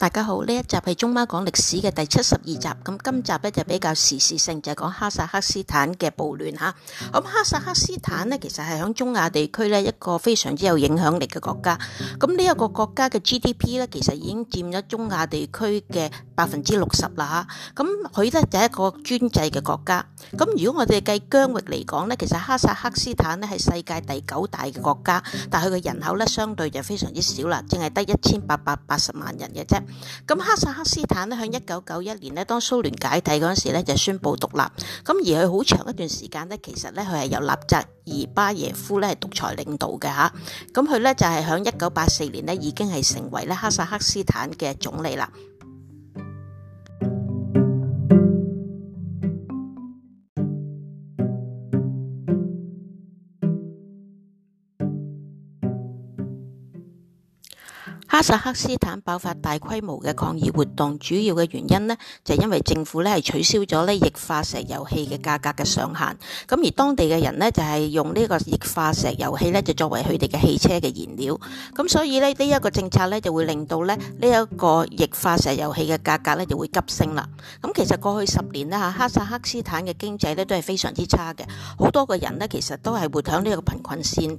大家好，呢一集係中貓講歷史嘅第七十二集。咁今集咧就比較時事性，就係講哈薩克斯坦嘅暴亂吓。咁哈薩克斯坦咧，其實係響中亞地區咧一個非常之有影響力嘅國家。咁呢一個國家嘅 GDP 咧，其實已經佔咗中亞地區嘅百分之六十啦吓。咁佢咧就係一個專制嘅國家。咁如果我哋計疆域嚟講咧，其實哈薩克斯坦咧係世界第九大嘅國家，但係佢嘅人口咧相對就非常之少啦，淨係得一千八百八十萬人嘅啫。咁哈薩克斯坦咧，響一九九一年咧，當蘇聯解體嗰時咧，就宣佈獨立。咁而佢好長一段時間咧，其實咧佢係由納扎爾巴耶夫咧係獨裁領導嘅吓。咁佢咧就係響一九八四年咧，已經係成為咧哈薩克斯坦嘅總理啦。哈薩克斯坦爆發大規模嘅抗議活動，主要嘅原因呢，就係因為政府咧係取消咗呢液化石油氣嘅價格嘅上限，咁而當地嘅人呢，就係用呢個液化石油氣呢，就作為佢哋嘅汽車嘅燃料，咁所以呢，呢一個政策呢，就會令到呢一個液化石油氣嘅價格呢，就會急升啦。咁其實過去十年啦，哈薩克斯坦嘅經濟呢，都係非常之差嘅，好多個人呢，其實都係活喺呢個貧困線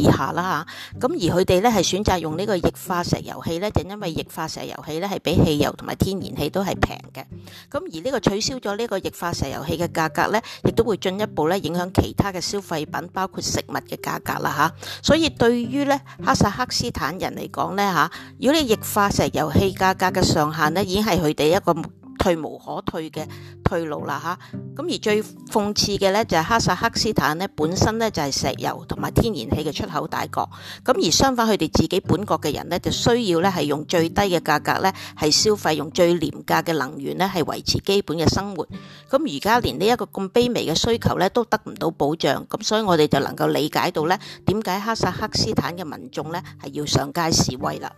以下啦，咁而佢哋呢，係選擇用呢個液化。石油氣咧就因為液化石油氣咧係比汽油同埋天然氣都係平嘅，咁而呢個取消咗呢個液化石油氣嘅價格咧，亦都會進一步咧影響其他嘅消費品，包括食物嘅價格啦嚇。所以對於咧哈薩克斯坦人嚟講咧嚇，如果你液化石油氣價格嘅上限呢，已經係佢哋一個。退無可退嘅退路啦吓，咁而最諷刺嘅咧就係哈薩克斯坦咧本身咧就係石油同埋天然氣嘅出口大國，咁而相反佢哋自己本國嘅人咧就需要咧係用最低嘅價格咧係消費，用最廉價嘅能源咧係維持基本嘅生活，咁而家連呢一個咁卑微嘅需求咧都得唔到保障，咁所以我哋就能夠理解到咧點解哈薩克斯坦嘅民眾咧係要上街示威啦。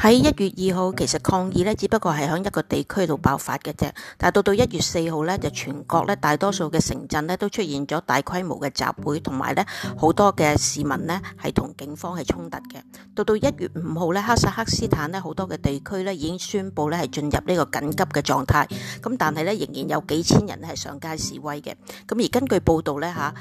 喺一月二號，其實抗議呢只不過係喺一個地區度爆發嘅啫。但係到到一月四號呢，就全國呢大多數嘅城鎮呢都出現咗大規模嘅集會，同埋呢好多嘅市民呢係同警方係衝突嘅。到到一月五號呢，哈薩克斯坦呢好多嘅地區呢已經宣布呢係進入呢個緊急嘅狀態。咁但係呢，仍然有幾千人呢係上街示威嘅。咁而根據報道呢，嚇。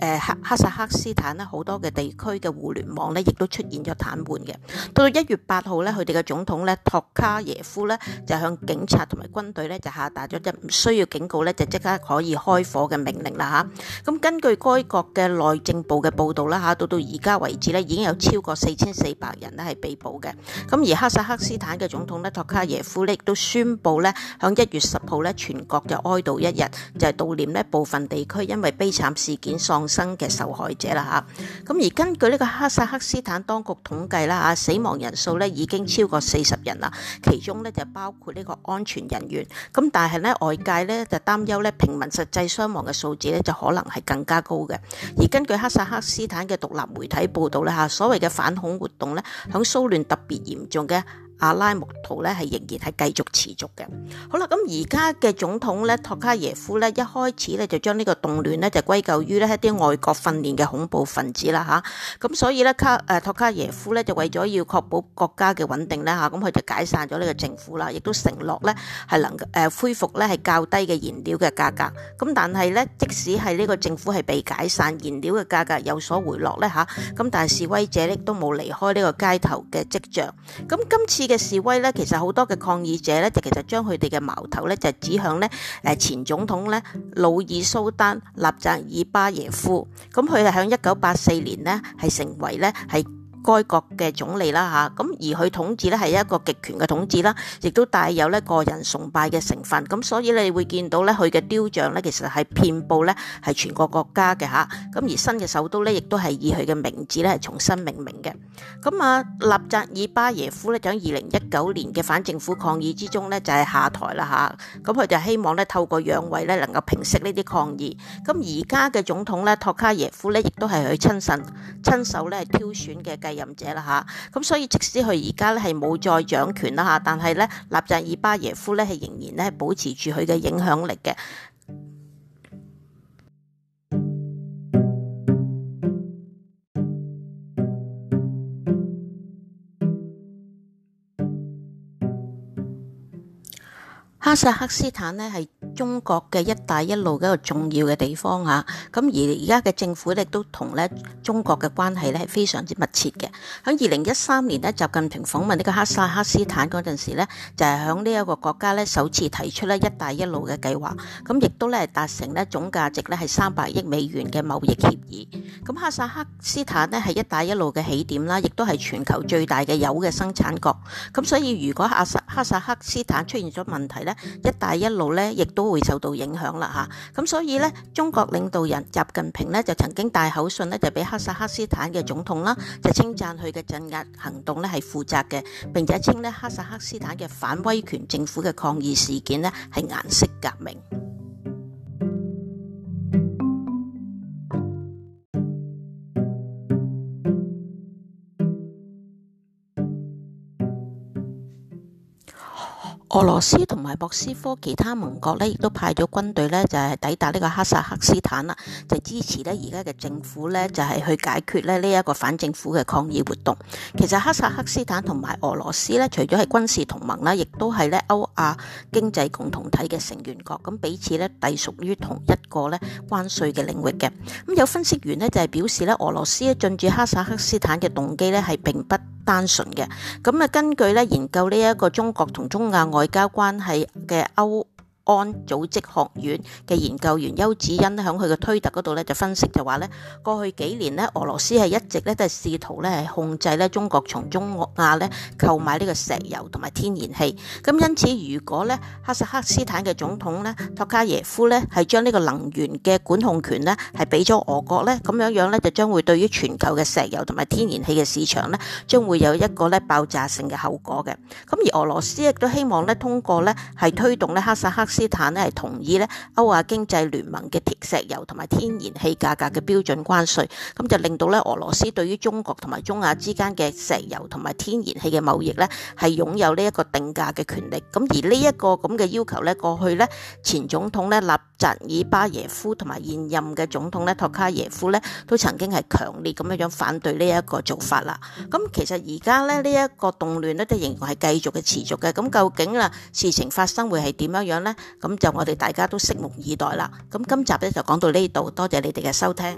誒、呃、哈薩克斯坦咧，好多嘅地區嘅互聯網咧，亦都出現咗癱瘓嘅到一月八號咧，佢哋嘅總統咧托卡耶夫咧就向警察同埋軍隊咧就下達咗一唔需要警告咧就即刻可以開火嘅命令啦嚇，咁、啊、根據該國嘅內政部嘅報導啦嚇，到到而家為止咧已經有超過四千四百人咧係被捕嘅。咁而哈薩克斯坦嘅總統咧托卡耶夫亦都宣布咧，響一月十號咧全國就哀悼一日，就係，悼念咧部分地區因為悲慘事件喪生嘅受害者啦嚇，咁而根據呢個哈薩克斯坦當局統計啦嚇，死亡人數咧已經超過四十人啦，其中咧就包括呢個安全人員，咁但係咧外界咧就擔憂咧平民實際傷亡嘅數字咧就可能係更加高嘅，而根據哈薩克斯坦嘅獨立媒體報道咧嚇，所謂嘅反恐活動咧響騷亂特別嚴重嘅。阿拉木圖咧係仍然係繼續持續嘅。好啦，咁而家嘅總統咧，托卡耶夫咧，一開始咧就將呢個動亂咧就歸咎於呢一啲外國訓練嘅恐怖分子啦吓。咁所以咧，卡誒、啊、托卡耶夫咧就為咗要確保國家嘅穩定咧吓，咁佢就解散咗呢個政府啦，亦、啊、都承諾咧係能夠、呃、恢復咧係較低嘅燃料嘅價格。咁、啊、但係咧，即使係呢個政府係被解散，燃料嘅價格有所回落咧吓，咁但係示威者亦都冇離開呢個街頭嘅跡象。咁、啊、今次，嘅示威咧，其實好多嘅抗議者咧，就其實將佢哋嘅矛頭咧，就指向咧，誒前總統咧，努爾蘇丹納扎爾巴耶夫。咁佢係喺一九八四年咧，係成為咧係。該國嘅總理啦嚇，咁而佢統治咧係一個極權嘅統治啦，亦都帶有咧個人崇拜嘅成分，咁所以你會見到咧佢嘅雕像呢，其實係遍佈呢係全國國家嘅嚇，咁而新嘅首都呢，亦都係以佢嘅名字咧係重新命名嘅，咁啊納扎爾巴耶夫咧喺二零一九年嘅反政府抗議之中呢，就係下台啦嚇，咁佢就希望呢透過讓位呢能夠平息呢啲抗議，咁而家嘅總統呢，托卡耶夫呢，亦都係佢親信親手咧係挑選嘅。任者啦吓，咁所以即使佢而家呢係冇再掌權啦吓，但係呢，納扎爾巴耶夫呢係仍然呢保持住佢嘅影響力嘅。哈薩克斯坦呢係中國嘅一帶一路嘅一個重要嘅地方嚇，咁而而家嘅政府咧都同咧中國嘅關係咧係非常之密切嘅。喺二零一三年呢，習近平訪問呢個哈薩克斯坦嗰陣時咧，就係喺呢一個國家咧首次提出咧一帶一路嘅計劃，咁亦都咧達成呢總價值咧係三百億美元嘅貿易協議。咁哈薩克斯坦呢，係一帶一路嘅起點啦，亦都係全球最大嘅鈾嘅生產國。咁所以如果哈薩哈薩克斯坦出現咗問題呢，一帶一路呢，亦都會受到影響啦吓，咁所以咧，中國領導人習近平咧就曾經帶口信咧，就俾哈薩克斯坦嘅總統啦，就稱讚佢嘅鎮壓行動咧係負責嘅，並且稱咧哈薩克斯坦嘅反威權政府嘅抗議事件呢係顏色革命。俄羅斯同埋莫斯科其他盟國呢，亦都派咗軍隊呢，就係抵達呢個哈薩克斯坦啦，就支持呢而家嘅政府呢，就係去解決呢呢一個反政府嘅抗議活動。其實哈薩克斯坦同埋俄羅斯呢，除咗係軍事同盟啦，亦都係呢歐亞經濟共同體嘅成員國，咁彼此呢，隸屬於同一個呢關稅嘅領域嘅。咁有分析員呢，就係表示呢，俄羅斯進駐哈薩克斯坦嘅動機呢，係並不單純嘅。咁啊，根據呢，研究呢一個中國同中亞外。外交關係嘅歐。安組織學院嘅研究員邱子欣咧，喺佢嘅推特嗰度咧就分析就話咧，過去幾年咧，俄羅斯係一直咧都係試圖咧係控制咧中國從中亞咧購買呢個石油同埋天然氣。咁因此，如果咧哈薩克斯坦嘅總統咧托卡耶夫咧係將呢個能源嘅管控權咧係俾咗俄國咧，咁樣樣咧就將會對於全球嘅石油同埋天然氣嘅市場咧，將會有一個咧爆炸性嘅後果嘅。咁而俄羅斯亦都希望咧通過咧係推動咧哈薩克斯坦斯坦呢，係同意咧歐亞經濟聯盟嘅鐵石油同埋天然氣價格嘅標準關稅，咁就令到呢，俄羅斯對於中國同埋中亞之間嘅石油同埋天然氣嘅貿易呢，係擁有呢一個定價嘅權力。咁而呢一個咁嘅要求呢，過去呢，前總統呢，納扎爾巴耶夫同埋現任嘅總統呢，托卡耶夫呢，都曾經係強烈咁樣樣反對呢一個做法啦。咁其實而家呢，呢、這、一個動亂呢，都仍然係繼續嘅持續嘅。咁究竟啦事情發生會係點樣樣呢？咁就我哋大家都拭目以待啦。咁今集咧就講到呢度，多謝你哋嘅收聽。